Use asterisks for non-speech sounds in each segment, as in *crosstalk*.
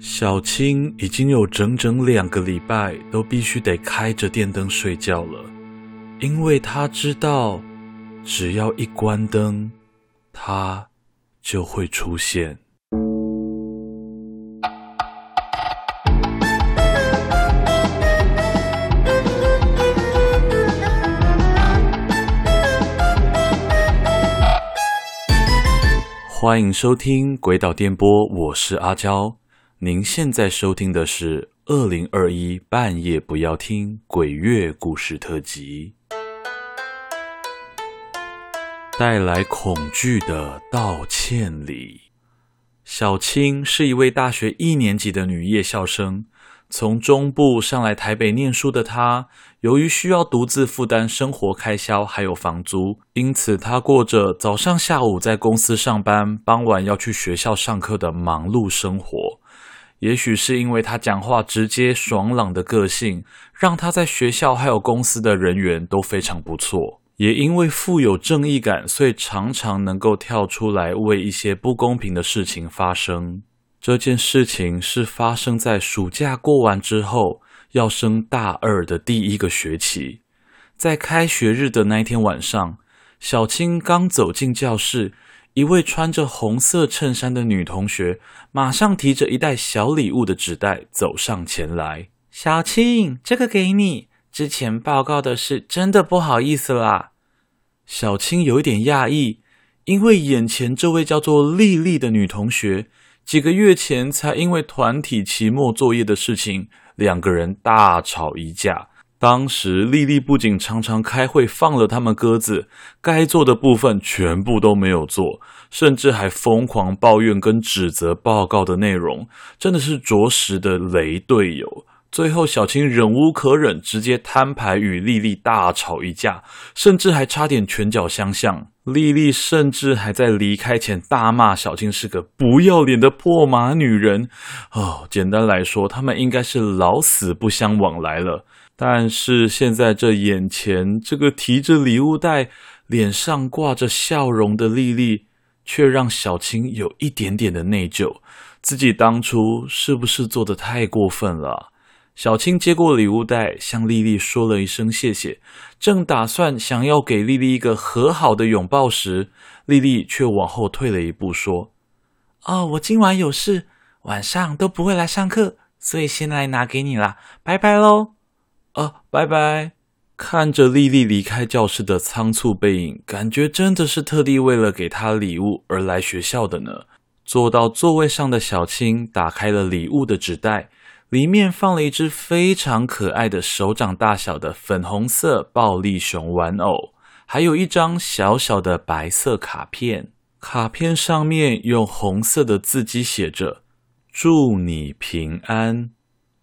小青已經有整整兩個禮拜都必須得開着電燈睡覺了，因為她知道，只要一關燈，她就會出現。歡迎收聽《詭島電波》，我是阿交。您現在收聽的是《惡靈21半夜不要聽鬼月故事特輯》，帶來恐懼的道歉禮。小青是一位大學一年級的女夜校生，從中部上來台北念書的她，由於需要獨自負擔生活開銷還有房租，因此她過着早上、下午在公司上班，傍晚要去學校上課的忙碌生活。也許是因為他講話直接爽朗的個性，讓他在學校還有公司的人緣都非常不錯。也因為富有正義感，所以常常能夠跳出來為一些不公平的事情發聲。這件事情是發生在暑假過完之後，要升大二的第一個學期，在開學日的那天晚上，小青剛走進教室。一位穿着紅色襯衫的女同學，馬上提着一袋小禮物的紙袋走上前來。小青，這個給你。之前報告的事，真的不好意思啦。小青有一點訝異，因為眼前這位叫做麗麗的女同學，幾個月前才因為團體期末作業的事情，兩個人大吵一架。當時莉莉不僅常常開會放了他們鴿子，該做的部分全部都沒有做，甚至還瘋狂抱怨跟指責報告的內容，真的是着實的雷隊友。最後小青忍無可忍，直接攤牌與莉莉大吵一架，甚至還差點拳腳相向。莉莉甚至還在離開前大罵小青是個不要臉的破馬女人。哦，簡單來說，他們應該是老死不相往來了。但是現在，這眼前這個提着禮物袋、臉上掛着笑容的麗麗，却讓小青有一點點的內疚。自己當初是不是做得太過分了？小青接過禮物袋，向麗麗說了一聲謝謝，正打算想要給麗麗一個和好的擁抱時，麗麗却往後退了一步，說：“哦，我今晚有事，晚上都不會來上課，所以先來拿給你啦，拜拜嘍。”啊、哦，拜拜！看着莉莉離開教室的倉促背影，感覺真的是特地為了給她禮物而來學校的呢。坐到座位上的小青打開了禮物的紙袋，裡面放了一隻非常可愛的手掌大小的粉紅色暴力熊玩偶，還有一張小小的白色卡片，卡片上面用紅色的字跡寫着“祝你平安”。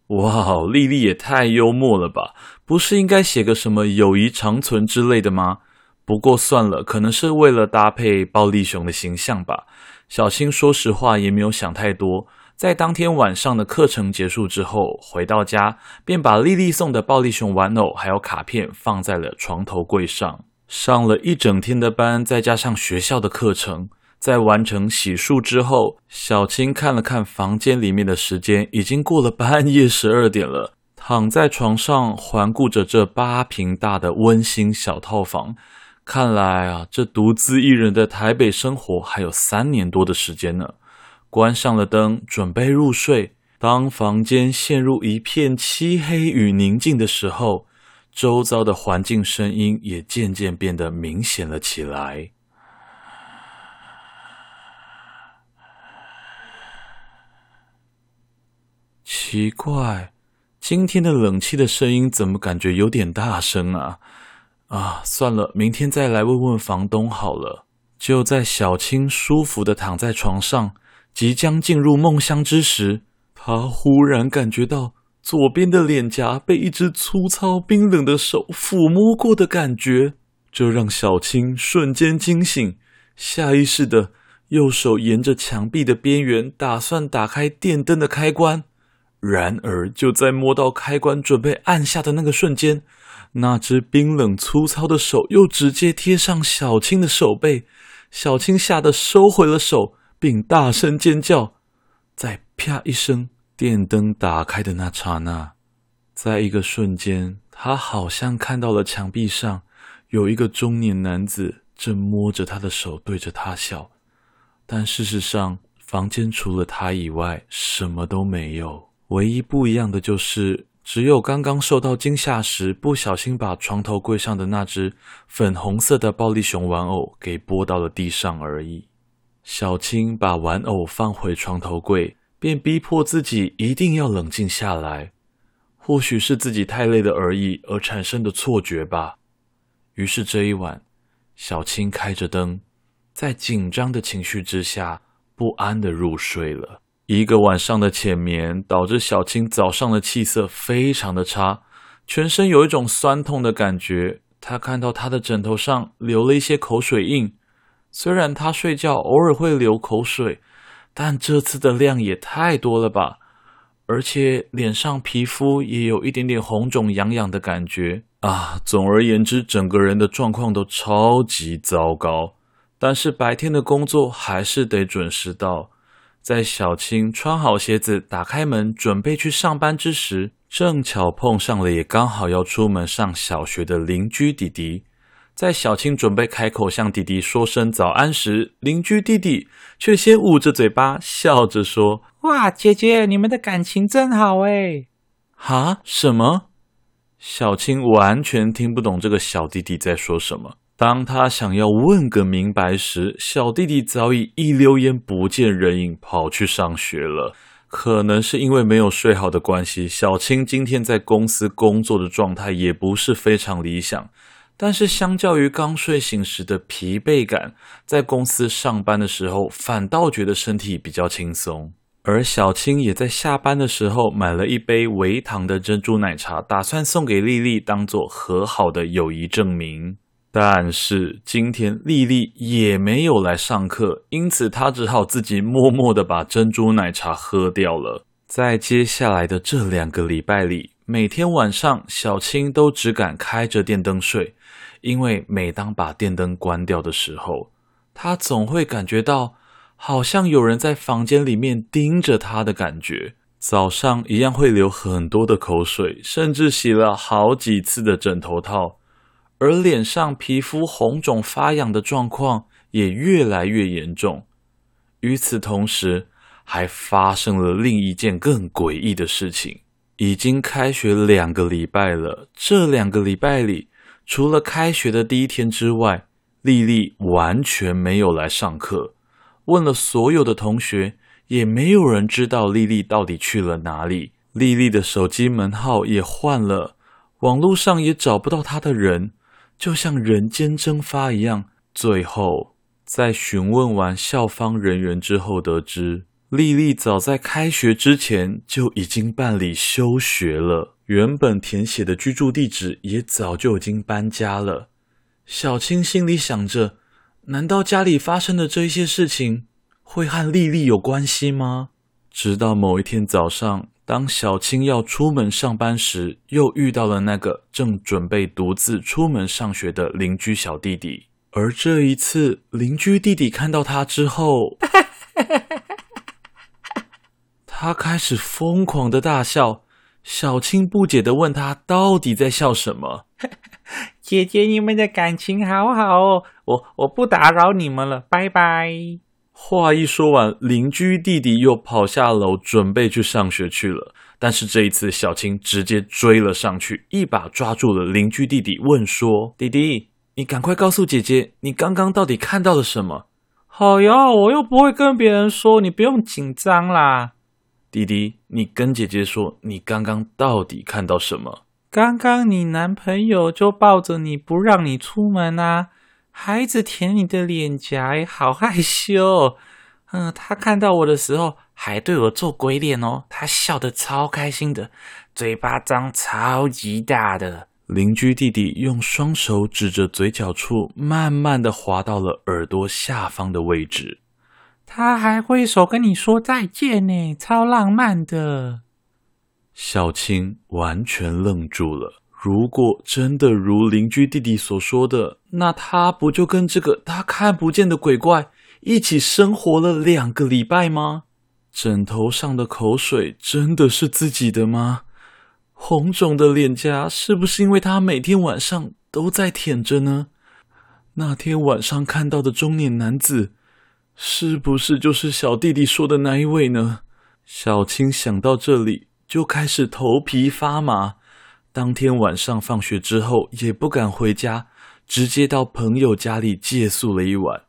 哇，莉莉也太幽默了吧！不是應該寫個什麼“友誼長存”之類的嗎？不過算了，可能是為了搭配暴力熊的形象吧。小新說實話也沒有想太多。在當天晚上的課程結束之後，回到家便把莉莉送的暴力熊玩偶還有卡片放在了床頭櫃上。上了一整天的班，再加上學校的課程。在完成洗漱之後，小青看了看房間裡面的時間，已經過了半夜十二點了。躺在床上，環顧着這八坪大的溫馨小套房，看來啊，這獨自一人的台北生活還有三年多的時間呢。關上了燈，準備入睡。當房間陷入一片漆黑與寧靜的時候，周遭的環境聲音也漸漸變得明顯了起來。奇怪，今天的冷氣的聲音怎麼感覺有點大聲啊？啊，算了，明天再來問問房東好了。就在小青舒服地躺在床上，即將進入夢鄉之時，她忽然感覺到左邊的臉頰被一只粗糙冰冷的手撫摸過的感覺，這讓小青瞬間驚醒，下意識地右手沿着牆壁的邊緣，打算打開電燈的開關。然而，就在摸到開關準備按下的那個瞬間，那隻冰冷粗糙的手又直接貼上小青的手背。小青嚇得收回了手，並大聲尖叫。在“啪”一聲電燈打開的那剎那，在一個瞬間，她好像看到了牆壁上有一個中年男子正摸着她的手，對着她笑。但事實上，房間除了她以外，什麼都沒有。唯一不一樣的就是，只有剛剛受到驚嚇時，不小心把床頭櫃上的那只粉紅色的暴力熊玩偶給撥到了地上而已。小青把玩偶放回床頭櫃，便逼迫自己一定要冷靜下來。或許是自己太累了而已，而產生的錯覺吧。於是這一晚，小青開着燈，在緊張的情緒之下，不安的入睡了。一個晚上的淺眠，導致小青早上的氣色非常的差，全身有一種酸痛的感覺。她看到她的枕頭上留了一些口水印，雖然她睡覺偶爾會流口水，但這次的量也太多了吧？而且臉上皮膚也有一點點紅腫、癢癢的感覺啊！總而言之，整個人的狀況都超級糟糕。但是白天的工作還是得準時到。在小青穿好鞋子，打開門準備去上班之時，正巧碰上了也剛好要出門上小學的鄰居弟弟。在小青準備開口向弟弟說聲早安時，鄰居弟弟卻先捂着嘴巴笑着說：“哇，姐姐，你們的感情真好誒。”哈？什麼？小青完全聽不懂這個小弟弟在說什麼。當他想要問個明白時，小弟弟早已一溜煙不見人影，跑去上學了。可能是因為沒有睡好的關係，小青今天在公司工作的狀態也不是非常理想。但是，相較於剛睡醒時的疲憊感，在公司上班的時候，反倒覺得身體比較輕鬆。而小青也在下班的時候買了一杯微糖的珍珠奶茶，打算送給麗麗，當做和好的友誼證明。但是今天莉莉也沒有來上課，因此她只好自己默默地把珍珠奶茶喝掉了。在接下來的這兩個禮拜裡，每天晚上小青都只敢開着電燈睡，因為每當把電燈關掉的時候，她總會感覺到好像有人在房間裡面盯着她的感覺。早上一樣會流很多的口水，甚至洗了好幾次的枕頭套。而臉上皮膚紅腫發癢的狀況也越來越嚴重，與此同時，還發生了另一件更詭異的事情。已經開學兩個禮拜了，這兩個禮拜裡，除了開學的第一天之外，莉莉完全沒有來上課。問了所有的同學，也沒有人知道莉莉到底去了哪裡。莉莉的手機門號也換了，網絡上也找不到她的人。就像人間蒸發一樣，最後在詢問完校方人員之後，得知莉莉早在開學之前就已經辦理休學了，原本填寫的居住地址也早就已經搬家了。小青心裡想着，難道家裡發生的這些事情會和莉莉有關係嗎？直到某一天早上。當小青要出門上班時，又遇到了那個正準備獨自出門上學的鄰居小弟弟。而這一次，鄰居弟弟看到他之後， *laughs* 他開始瘋狂的大笑。小青不解地問他：“到底在笑什麼？”“ *laughs* 姐姐，你們的感情好好哦，我我不打擾你們了，拜拜。”話一說完，鄰居弟弟又跑下樓，準備去上學去了。但是這一次，小青直接追了上去，一把抓住了鄰居弟弟，問說：“弟弟，你趕快告訴姐姐，你剛剛到底看到了什麼？”“好呀，我又不會跟別人說，你不用緊張啦。”“弟弟，你跟姐姐說，你剛剛到底看到什麼？”“剛剛你男朋友就抱着你不讓你出門啊。”孩子舔你的臉頰，好害羞。嗯、呃，他看到我的時候，還對我做鬼臉哦。他笑得超開心的，嘴巴張超級大的。鄰居弟弟用雙手指着嘴角處，慢慢的滑到了耳朵下方的位置。他還揮手跟你說再見呢，超浪漫的。小青完全愣住了。如果真的如鄰居弟弟所說的，那他不就跟這個他看不見的鬼怪一起生活了兩個禮拜嗎？枕頭上的口水真的是自己的嗎？紅腫的臉頰是不是因為他每天晚上都在舔着呢？那天晚上看到的中年男子，是不是就是小弟弟說的那一位呢？小青想到這裡，就開始頭皮發麻。當天晚上放學之後也不敢回家，直接到朋友家裡借宿了一晚。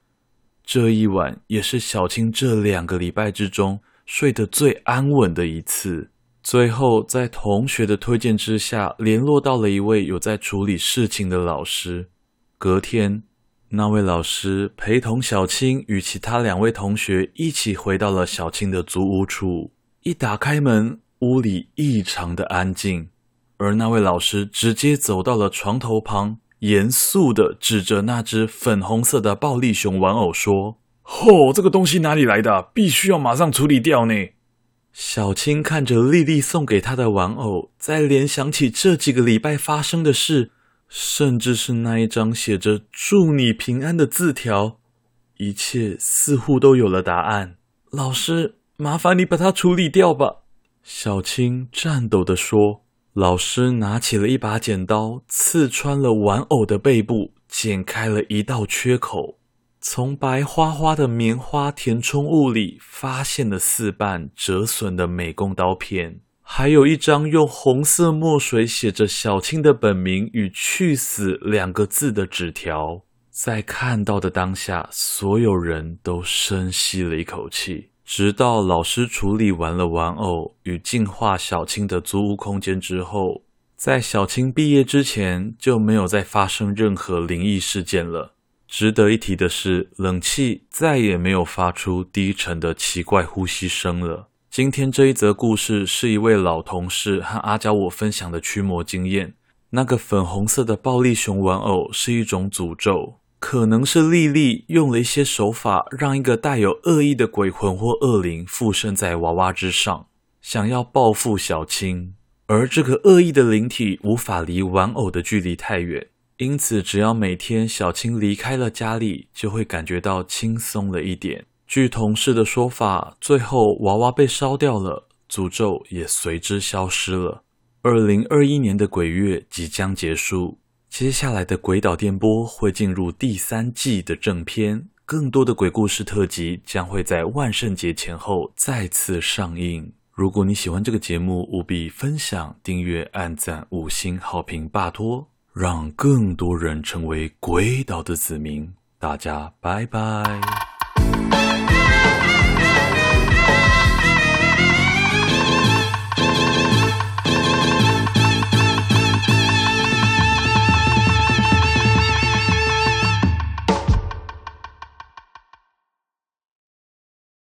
這一晚也是小青這兩個禮拜之中睡得最安穩的一次。最後，在同學的推薦之下，聯絡到了一位有在處理事情的老師。隔天，那位老師陪同小青與其他兩位同學一起回到了小青的租屋處。一打開門，屋裡異常的安靜。而那位老師直接走到了床頭旁，嚴肅地指着那只粉紅色的暴力熊玩偶說：“嚯、哦，這個東西哪裡來的？必須要馬上處理掉呢！”小青看着麗麗送給她的玩偶，再聯想起這幾個禮拜發生的事，甚至是那一張寫着“祝你平安”的字條，一切似乎都有了答案。“老師，麻煩你把它處理掉吧。”小青顫抖地說。老師拿起了一把剪刀，刺穿了玩偶的背部，剪開了一道缺口。從白花花的棉花填充物裡，發現了四半折損的美工刀片，還有一張用紅色墨水寫着“小青”的本名與“去死”兩個字的紙條。在看到的當下，所有人都深吸了一口氣。直到老師處理完了玩偶與淨化小青的租屋空間之後，在小青畢業之前就沒有再發生任何靈異事件了。值得一提的是，冷氣再也沒有發出低沉的奇怪呼吸聲了。今天這一則故事是一位老同事和阿交我分享的驅魔經驗。那個粉紅色的暴力熊玩偶是一種詛咒。可能是莉莉用了一些手法，讓一個帶有惡意的鬼魂或惡靈附身在娃娃之上，想要報復小青。而這個惡意的靈體無法離玩偶的距離太遠，因此只要每天小青離開了家裡，就會感覺到輕鬆了一點。據同事的說法，最後娃娃被燒掉了，詛咒也隨之消失了。二零二一年的鬼月即將結束。接下來的《詭島電波》會進入第三季的正篇，更多的鬼故事特輯將會在萬聖節前後再次上映。如果你喜歡這個節目，務必分享、訂閱、按讚、五星好評，拜托，讓更多人成為詭島的子民。大家拜拜。